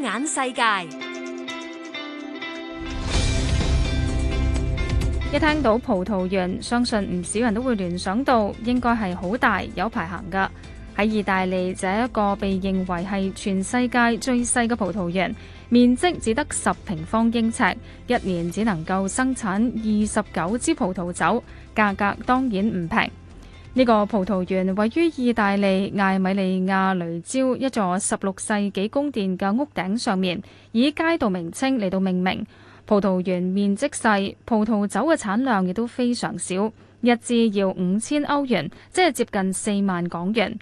眼世界一聽到葡萄園，相信唔少人都會聯想到應該係好大，有排行㗎。喺意大利，這一個被認為係全世界最細嘅葡萄園，面積只得十平方英尺，一年只能夠生產二十九支葡萄酒，價格當然唔平。呢個葡萄園位於意大利艾米利亞雷焦一座十六世紀宮殿嘅屋頂上面，以街道名稱嚟到命名。葡萄園面積細，葡萄酒嘅產量亦都非常少，一支要五千歐元，即係接近四萬港元。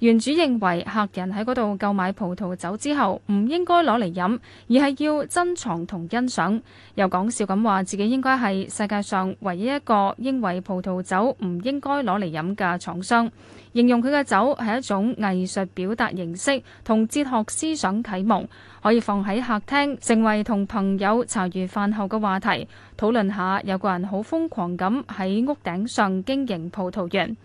園主認為客人喺嗰度購買葡萄酒之後，唔應該攞嚟飲，而係要珍藏同欣賞。又講笑咁話，自己應該係世界上唯一一個認為葡萄酒唔應該攞嚟飲嘅廠商。形容佢嘅酒係一種藝術表達形式，同哲學思想啟蒙，可以放喺客廳，成為同朋友茶餘飯後嘅話題，討論下有個人好瘋狂咁喺屋頂上經營葡萄園。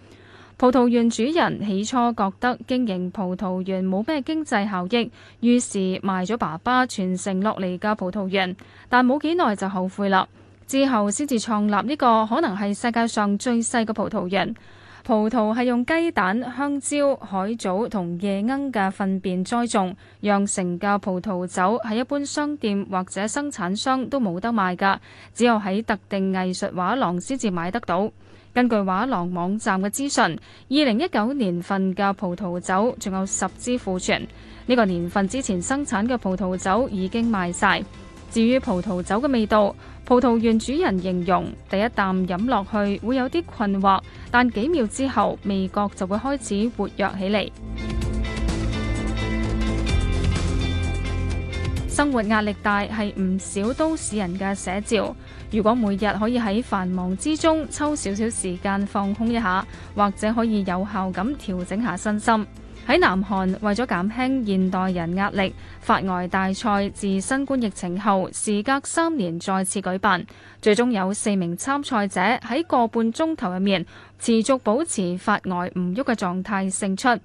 葡萄園主人起初覺得經營葡萄園冇咩經濟效益，於是賣咗爸爸傳承落嚟嘅葡萄園，但冇幾耐就後悔啦。之後先至創立呢個可能係世界上最細嘅葡萄園。葡萄係用雞蛋、香蕉、海藻同夜鶯嘅糞便栽種，釀成嘅葡萄酒喺一般商店或者生產商都冇得賣㗎，只有喺特定藝術畫廊先至買得到。根據畫廊網站嘅資訊，二零一九年份嘅葡萄酒仲有十支庫存，呢、這個年份之前生產嘅葡萄酒已經賣晒。至於葡萄酒嘅味道，葡萄園主人形容第一啖飲落去會有啲困惑，但幾秒之後味覺就會開始活躍起嚟。 生活壓力大係唔少都市人嘅寫照。如果每日可以喺繁忙之中抽少少時間放空一下，或者可以有效咁調整下身心。喺南韓為咗減輕現代人壓力，發呆大賽自新冠疫情後，時隔三年再次舉辦。最終有四名參賽者喺個半鐘頭入面持續保持發呆唔喐嘅狀態勝出。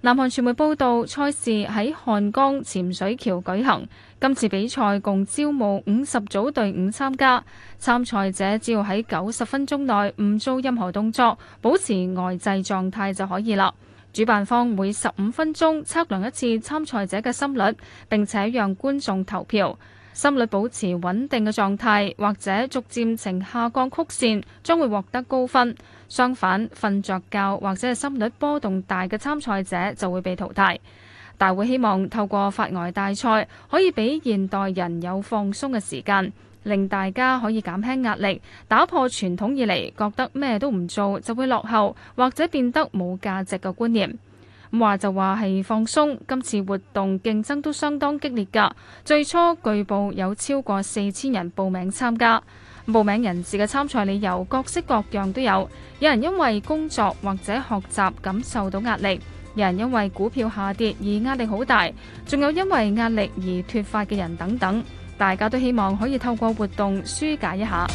南韓傳媒報道，賽事喺漢江潛水橋舉行。今次比賽共招募五十組隊伍參加，參賽者只要喺九十分鐘內唔做任何動作，保持呆滯狀態就可以啦。主辦方每十五分鐘測量一次參賽者嘅心率，並且讓觀眾投票。心率保持穩定嘅狀態，或者逐漸呈下降曲線，將會獲得高分。相反，瞓着覺或者係心率波動大嘅參賽者就會被淘汰。大會希望透過發呆大賽，可以俾現代人有放鬆嘅時間。令大家可以減輕壓力，打破傳統以嚟覺得咩都唔做就會落後或者變得冇價值嘅觀念。咁話就話係放鬆。今次活動競爭都相當激烈㗎。最初據報有超過四千人報名參加，報名人士嘅參賽理由各式各樣都有。有人因為工作或者學習感受到壓力，有人因為股票下跌而壓力好大，仲有因為壓力而脱髮嘅人等等。大家都希望可以透過活動紓解一下。